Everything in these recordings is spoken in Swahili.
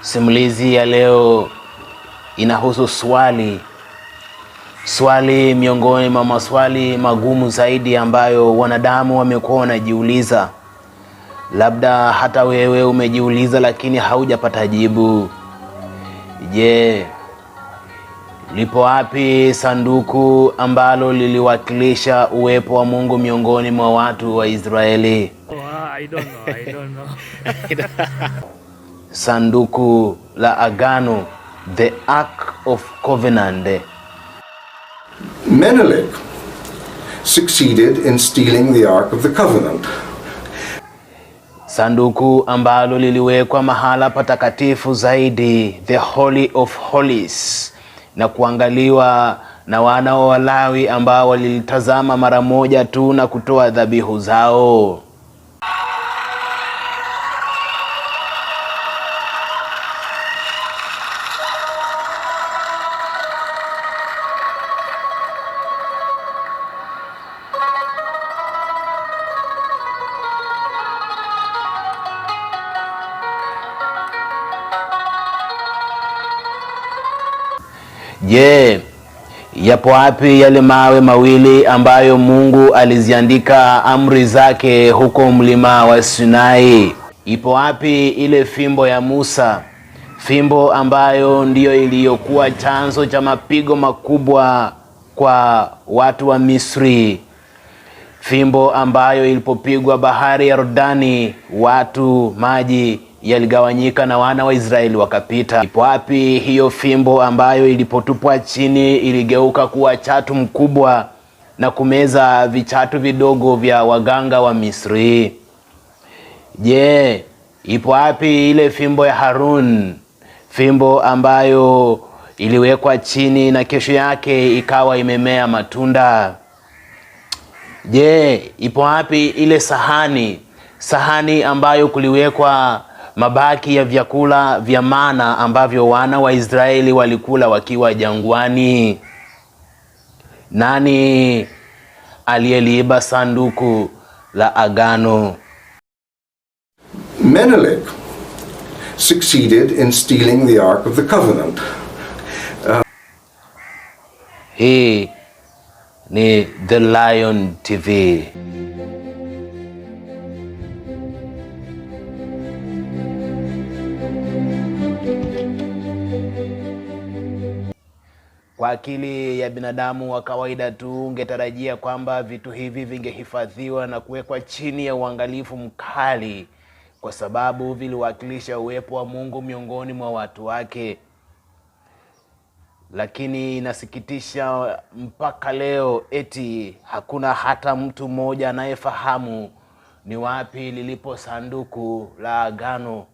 Simulizi ya leo inahusu swali, swali miongoni mwa maswali magumu zaidi ambayo wanadamu wamekuwa wanajiuliza. Labda hata wewe umejiuliza, lakini haujapata jibu. Je, lipo wapi sanduku ambalo liliwakilisha uwepo wa Mungu miongoni mwa watu wa Israeli? Oh, I don't know. I don't know. sanduku la agano, the Ark of Covenant. Menelik succeeded in stealing the Ark of the Covenant. Sanduku ambalo liliwekwa mahala patakatifu zaidi, the Holy of Holies, na kuangaliwa na wana wa Walawi ambao walilitazama mara moja tu na kutoa dhabihu zao. Je, yapo wapi yale mawe mawili ambayo Mungu aliziandika amri zake huko mlima wa Sinai? Ipo wapi ile fimbo ya Musa, fimbo ambayo ndiyo iliyokuwa chanzo cha mapigo makubwa kwa watu wa Misri, fimbo ambayo ilipopigwa bahari ya Yordani, watu maji yaligawanyika na wana wa Israeli wakapita. Ipo wapi hiyo fimbo ambayo ilipotupwa chini iligeuka kuwa chatu mkubwa na kumeza vichatu vidogo vya waganga wa Misri? Je, ipo wapi ile fimbo ya Harun, fimbo ambayo iliwekwa chini na kesho yake ikawa imemea matunda? Je, ipo wapi ile sahani, sahani ambayo kuliwekwa mabaki ya vyakula vya mana ambavyo wana wa Israeli walikula wakiwa jangwani. Nani aliyeliiba sanduku la agano? Menelik succeeded in stealing the ark of the covenant. Hii ni The Lion TV. Kwa akili ya binadamu wa kawaida tu ungetarajia kwamba vitu hivi vingehifadhiwa na kuwekwa chini ya uangalifu mkali, kwa sababu viliwakilisha uwepo wa Mungu miongoni mwa watu wake. Lakini inasikitisha, mpaka leo eti hakuna hata mtu mmoja anayefahamu ni wapi lilipo sanduku la agano,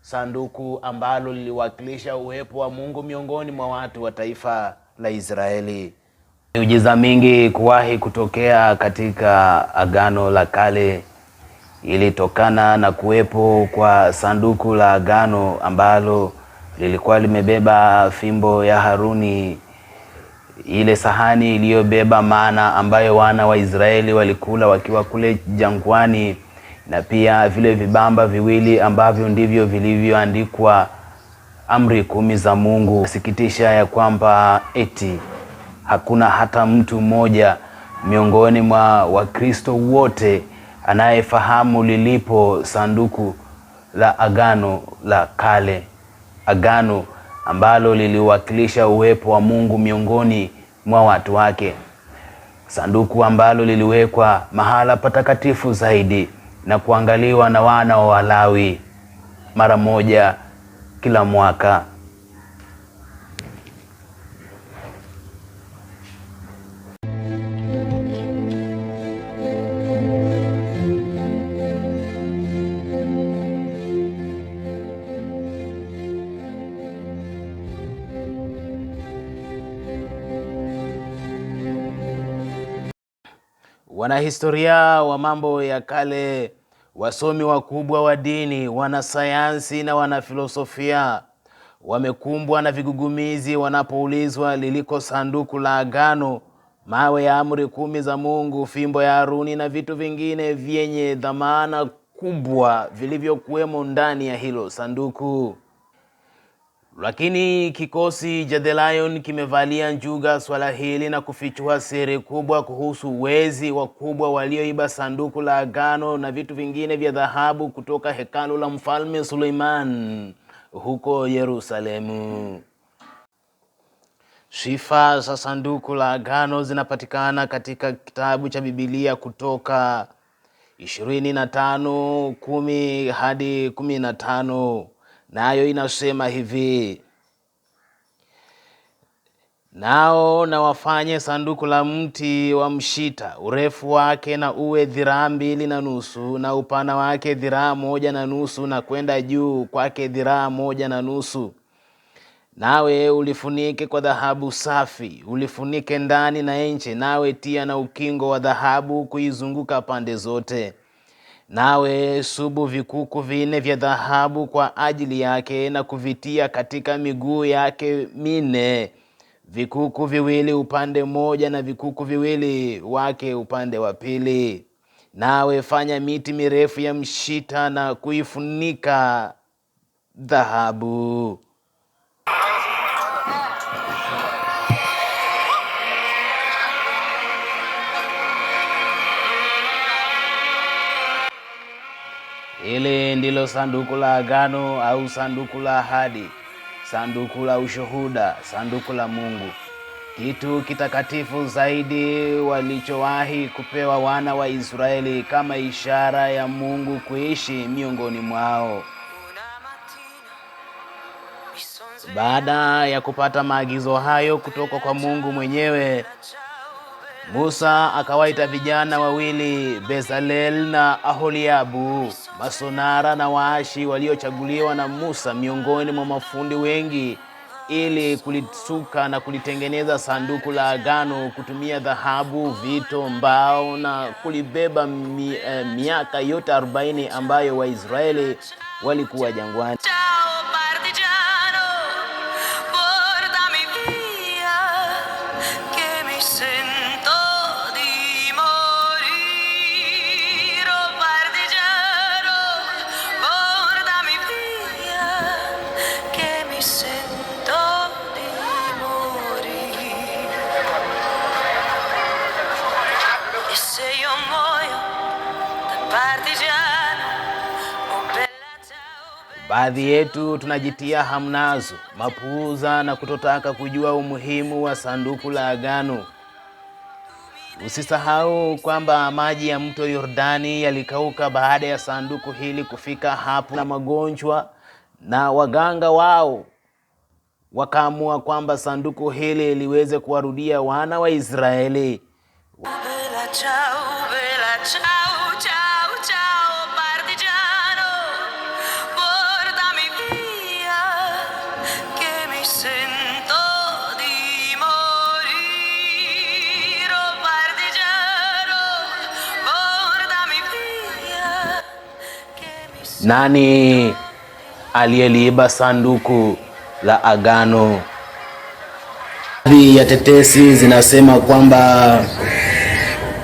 sanduku ambalo liliwakilisha uwepo wa Mungu miongoni mwa watu wa taifa la Israeli. Miujiza mingi kuwahi kutokea katika Agano la Kale ilitokana na kuwepo kwa sanduku la agano ambalo lilikuwa limebeba fimbo ya Haruni, ile sahani iliyobeba maana ambayo wana wa Israeli walikula wakiwa kule jangwani, na pia vile vibamba viwili ambavyo ndivyo vilivyoandikwa amri kumi za Mungu. Sikitisha ya kwamba eti hakuna hata mtu mmoja miongoni mwa Wakristo wote anayefahamu lilipo sanduku la Agano la Kale, agano ambalo liliwakilisha uwepo wa Mungu miongoni mwa watu wake, sanduku ambalo liliwekwa mahala patakatifu zaidi na kuangaliwa na wana wa Walawi mara moja kila mwaka. Wanahistoria wa mambo ya kale Wasomi wakubwa wa dini, wanasayansi na wanafilosofia wamekumbwa na vigugumizi wanapoulizwa liliko sanduku la agano, mawe ya amri kumi za Mungu, fimbo ya Haruni na vitu vingine vyenye dhamana kubwa vilivyokuwemo ndani ya hilo sanduku. Lakini kikosi cha The Lion kimevalia njuga swala hili na kufichua siri kubwa kuhusu wezi wakubwa walioiba sanduku la agano na vitu vingine vya dhahabu kutoka hekalu la Mfalme Suleiman huko Yerusalemu. Sifa za sanduku la agano zinapatikana katika kitabu cha Biblia Kutoka ishirini na hadi kumi tano nayo inasema hivi, nao na wafanye sanduku la mti wa mshita urefu wake na uwe dhiraa mbili na nusu na upana wake dhiraa moja na nusu na kwenda juu kwake dhiraa moja na nusu nawe ulifunike kwa dhahabu safi, ulifunike ndani na nje, nawe tia na ukingo wa dhahabu kuizunguka pande zote. Nawe subu vikuku vinne vya dhahabu kwa ajili yake na kuvitia katika miguu yake minne, vikuku viwili upande mmoja na vikuku viwili wake upande wa pili. Nawe fanya miti mirefu ya mshita na kuifunika dhahabu. Hili ndilo sanduku la agano au sanduku la ahadi, sanduku la ushuhuda, sanduku la Mungu, kitu kitakatifu zaidi walichowahi kupewa wana wa Israeli kama ishara ya Mungu kuishi miongoni mwao. Baada ya kupata maagizo hayo kutoka kwa Mungu mwenyewe Musa akawaita vijana wawili Bezalel na Aholiabu, masonara na waashi waliochaguliwa na Musa miongoni mwa mafundi wengi, ili kulisuka na kulitengeneza sanduku la agano kutumia dhahabu, vito, mbao na kulibeba mi, eh, miaka yote 40 ambayo Waisraeli walikuwa jangwani. Baadhi yetu tunajitia hamnazo, mapuuza na kutotaka kujua umuhimu wa sanduku la agano. Usisahau kwamba maji ya mto Yordani yalikauka baada ya sanduku hili kufika hapo, na magonjwa na waganga wao wakaamua kwamba sanduku hili liweze kuwarudia wana wa Israeli. Bela chao, bela chao. Nani aliyeliiba sanduku la agano? Baadhi ya tetesi zinasema kwamba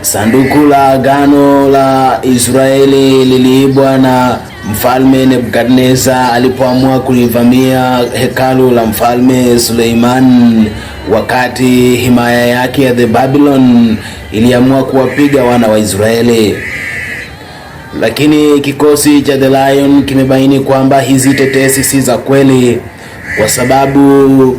sanduku la agano la Israeli liliibwa na mfalme nebukadnezar alipoamua kulivamia hekalu la mfalme Suleiman, wakati himaya yake ya the Babylon iliamua kuwapiga wana wa Israeli lakini kikosi cha The Lion kimebaini kwamba hizi tetesi si za kweli, kwa sababu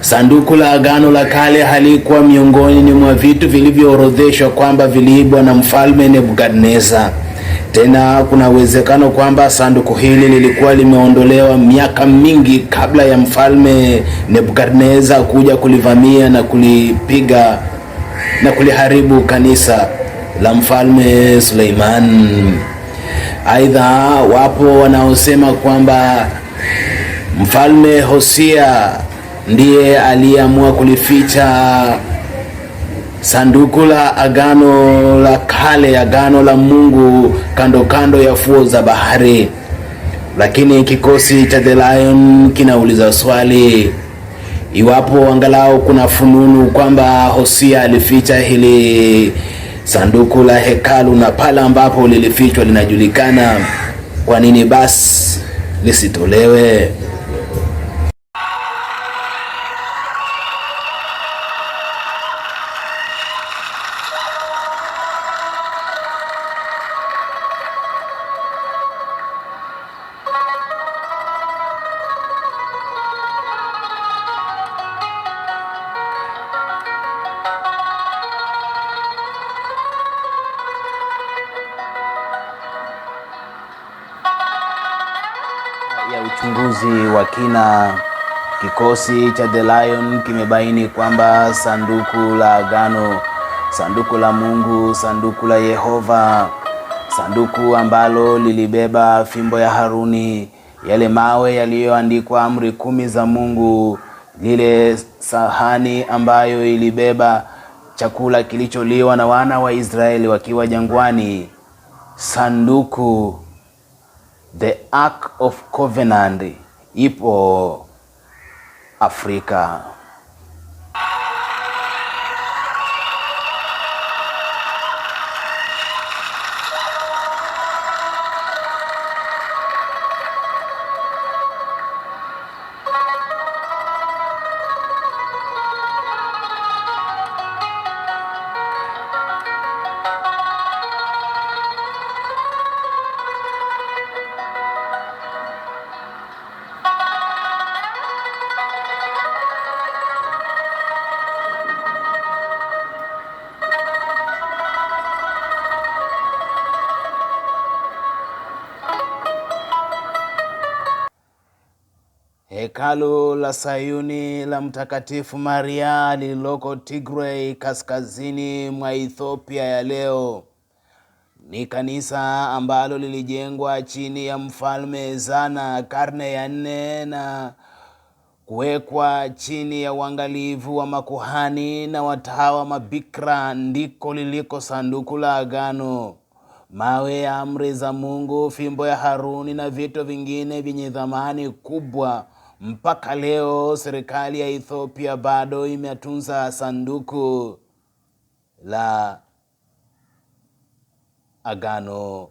sanduku la agano la kale halikuwa miongoni mwa vitu vilivyoorodheshwa kwamba viliibwa na mfalme nebukadnezar Tena kuna uwezekano kwamba sanduku hili lilikuwa limeondolewa miaka mingi kabla ya mfalme nebukadnezar kuja kulivamia na kulipiga na kuliharibu kanisa la mfalme Suleiman. Aidha, wapo wanaosema kwamba mfalme Hosia ndiye aliyeamua kulificha sanduku la agano la kale, agano la Mungu kando kando ya fuo za bahari. Lakini kikosi cha The Lion kinauliza swali iwapo angalau kuna fununu kwamba Hosia alificha hili Sanduku la hekalu na pale ambapo lilifichwa linajulikana. Kwa nini basi lisitolewe? uchunguzi wa kina, kikosi cha The Lion kimebaini kwamba sanduku la agano, sanduku la Mungu, sanduku la Yehova, sanduku ambalo lilibeba fimbo ya Haruni, yale mawe yaliyoandikwa amri kumi za Mungu, lile sahani ambayo ilibeba chakula kilicholiwa na wana wa Israeli wakiwa jangwani, sanduku The Ark of Covenant ipo Afrika. Hekalu la Sayuni la Mtakatifu Maria lililoko Tigray kaskazini mwa Ethiopia ya leo ni kanisa ambalo lilijengwa chini ya Mfalme Zana karne ya nne na kuwekwa chini ya uangalivu wa makuhani na watawa mabikra. Ndiko liliko sanduku la agano, mawe ya amri za Mungu, fimbo ya Haruni na vito vingine vyenye thamani kubwa mpaka leo serikali ya Ethiopia bado imetunza sanduku la agano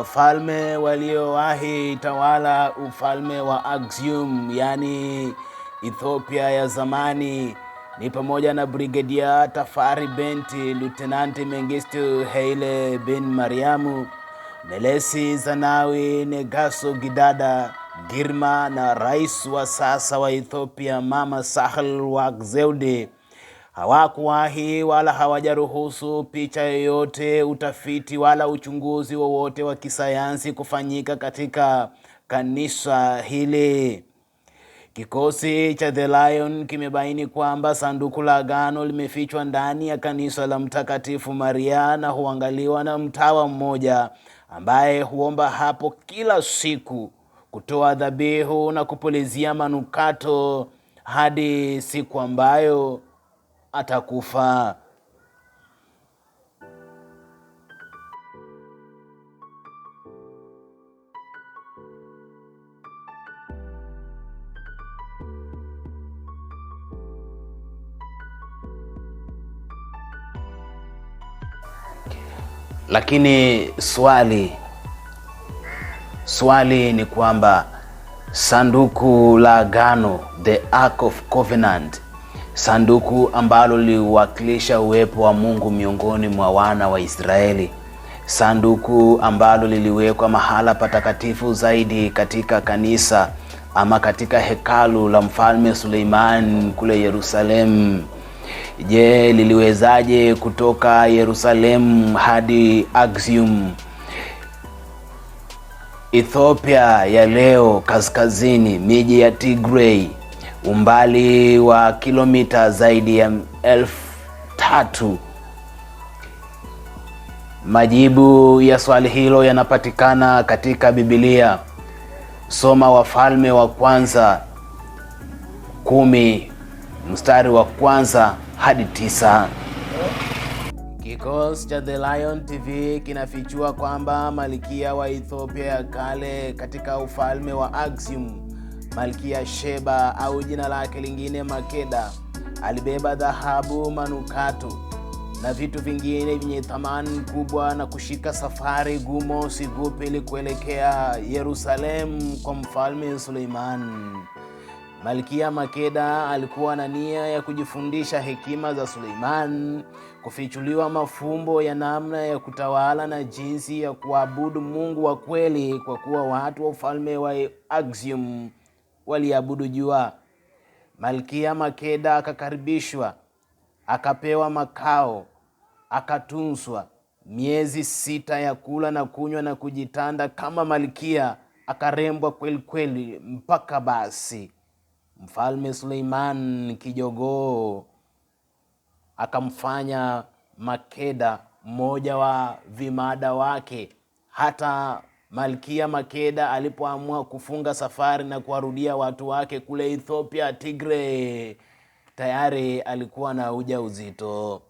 wafalme waliowahi tawala ufalme wa axium yani Ethiopia ya zamani ni pamoja na Brigedia Tafari Benti, Lutenanti Mengistu Haile bin Mariamu, Melesi Zanawi Negaso Gidada Girma na rais wa sasa wa Ethiopia Mama Sahel Work Zewde hawakuwahi wala hawajaruhusu picha yoyote, utafiti wala uchunguzi wowote wa, kisayansi kufanyika katika kanisa hili. Kikosi cha The Lion kimebaini kwamba sanduku la agano limefichwa ndani ya kanisa la Mtakatifu Maria na huangaliwa na mtawa mmoja ambaye huomba hapo kila siku kutoa dhabihu na kupulizia manukato hadi siku ambayo atakufa. Lakini swali swali ni kwamba sanduku la agano, the Ark of Covenant sanduku ambalo liliwakilisha uwepo wa Mungu miongoni mwa wana wa Israeli, sanduku ambalo liliwekwa mahala patakatifu zaidi katika kanisa ama katika hekalu la mfalme Suleiman kule Yerusalemu. Je, liliwezaje kutoka Yerusalemu hadi axium Ethiopia ya leo kaskazini, miji ya Tigray umbali wa kilomita zaidi ya elfu tatu. Majibu ya swali hilo yanapatikana katika bibilia Soma Wafalme wa Kwanza kumi mstari wa kwanza hadi tisa. Kikosi cha The Lion TV kinafichua kwamba malikia wa Ethiopia ya kale katika ufalme wa axium Malkia Sheba au jina lake lingine Makeda alibeba dhahabu, manukato na vitu vingine vyenye thamani kubwa na kushika safari gumo sigupi ili kuelekea Yerusalemu kwa Mfalme Suleiman. Malkia Makeda alikuwa na nia ya kujifundisha hekima za Suleiman, kufichuliwa mafumbo ya namna ya kutawala na jinsi ya kuabudu Mungu wa kweli, kwa kuwa watu wa ufalme wa Aksum waliabudu jua. Malkia Makeda akakaribishwa, akapewa makao, akatunzwa miezi sita ya kula na kunywa na kujitanda kama malkia, akarembwa kweli kweli mpaka basi Mfalme Suleiman kijogoo akamfanya Makeda mmoja wa vimada wake, hata Malkia Makeda alipoamua kufunga safari na kuwarudia watu wake kule Ethiopia tigre tayari alikuwa na uja uzito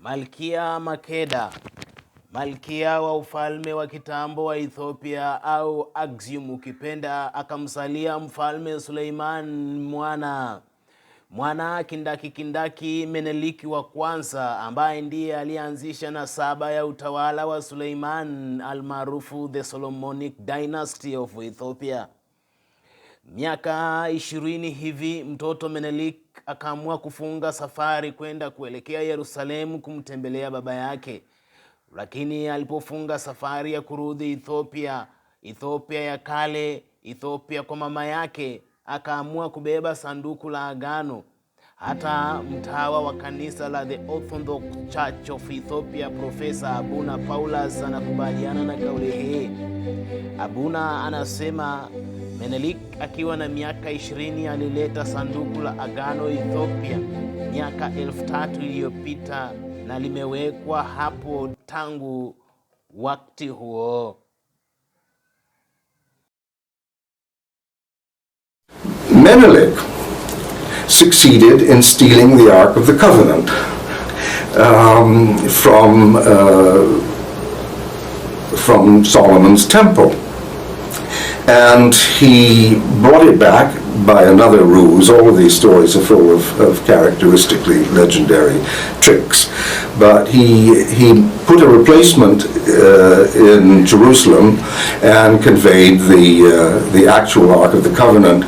Malkia Makeda, malkia wa ufalme wa kitambo wa Ethiopia au Axium ukipenda, akamsalia mfalme Suleiman mwana mwana kindaki kindaki Meneliki wa kwanza ambaye ndiye aliyeanzisha nasaba ya utawala wa Suleiman almaarufu the Solomonic Dynasty of Ethiopia. Miaka ishirini hivi mtoto Menelik akaamua kufunga safari kwenda kuelekea Yerusalemu kumtembelea baba yake, lakini alipofunga safari ya kurudhi Ethiopia, Ethiopia ya kale, Ethiopia kwa mama yake akaamua kubeba sanduku la agano. Hata mtawa wa kanisa la The Orthodox Church of Ethiopia Profesa Abuna Paulus anakubaliana na kauli hii. Abuna anasema Menelik akiwa na miaka 20 alileta sanduku la agano Ethiopia miaka elfu tatu iliyopita na limewekwa hapo tangu wakati huo. Menelik succeeded in stealing the Ark of the Covenant um, from, uh, from Solomon's temple. And he brought it back by another ruse. All of these stories are full of, of characteristically legendary tricks. But he, he put a replacement uh, in Jerusalem and conveyed the, uh, the actual Ark of the Covenant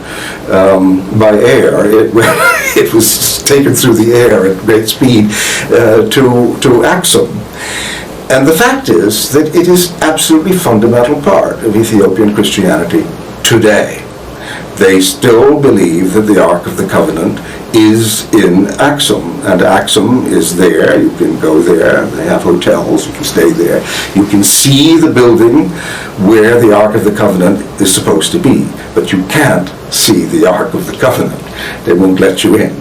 um, by air. It, it was taken through the air at great speed uh, to, to Axum. And the fact is that it is absolutely fundamental part of Ethiopian Christianity today. They still believe that the Ark of the Covenant is in Axum, and Axum is there. You can go there. They have hotels. You can stay there. You can see the building where the Ark of the Covenant is supposed to be, but you can't see the Ark of the Covenant. They won't let you in.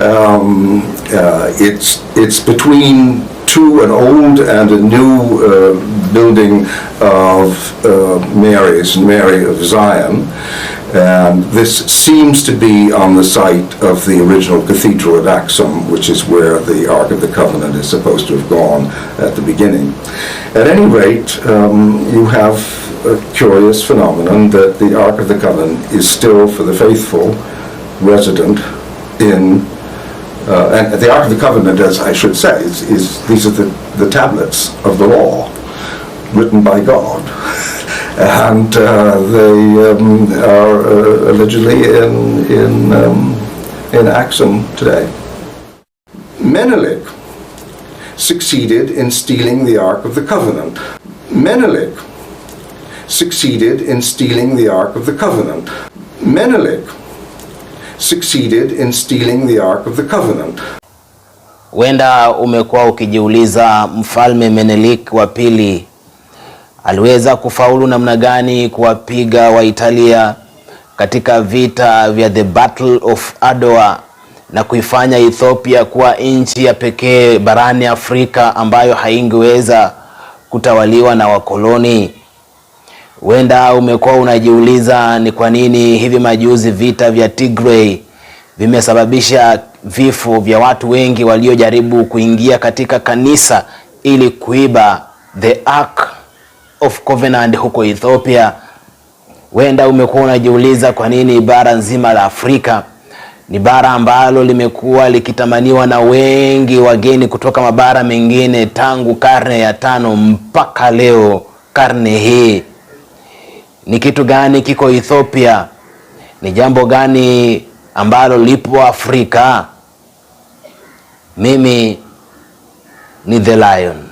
Um, uh, it's it's between two, an old and a new uh, building of uh, Mary's, Mary of Zion. And this seems to be on the site of the original Cathedral at Axum, which is where the Ark of the Covenant is supposed to have gone at the beginning. At any rate, um, you have a curious phenomenon that the Ark of the Covenant is still, for the faithful, resident in uh, and the Ark of the Covenant, as I should say, is, is these are the, the tablets of the law written by God, and uh, they um, are uh, allegedly in in um, in action today. Menelik succeeded in stealing the Ark of the Covenant. Menelik succeeded in stealing the Ark of the Covenant. Menelik succeeded in stealing the Ark of the Covenant. Wenda umekuwa ukijiuliza Mfalme Menelik wa pili aliweza kufaulu namna gani kuwapiga Waitalia katika vita vya the Battle of Adowa na kuifanya Ethiopia kuwa nchi ya pekee barani Afrika ambayo haingeweza kutawaliwa na wakoloni. Huenda umekuwa unajiuliza ni kwa nini hivi majuzi vita vya Tigray vimesababisha vifo vya watu wengi waliojaribu kuingia katika kanisa ili kuiba the Ark of Covenant huko Ethiopia. Huenda umekuwa unajiuliza kwa nini bara nzima la Afrika ni bara ambalo limekuwa likitamaniwa na wengi wageni kutoka mabara mengine tangu karne ya tano mpaka leo karne hii. Ni kitu gani kiko Ethiopia? Ni jambo gani ambalo lipo Afrika? Mimi ni The Lion.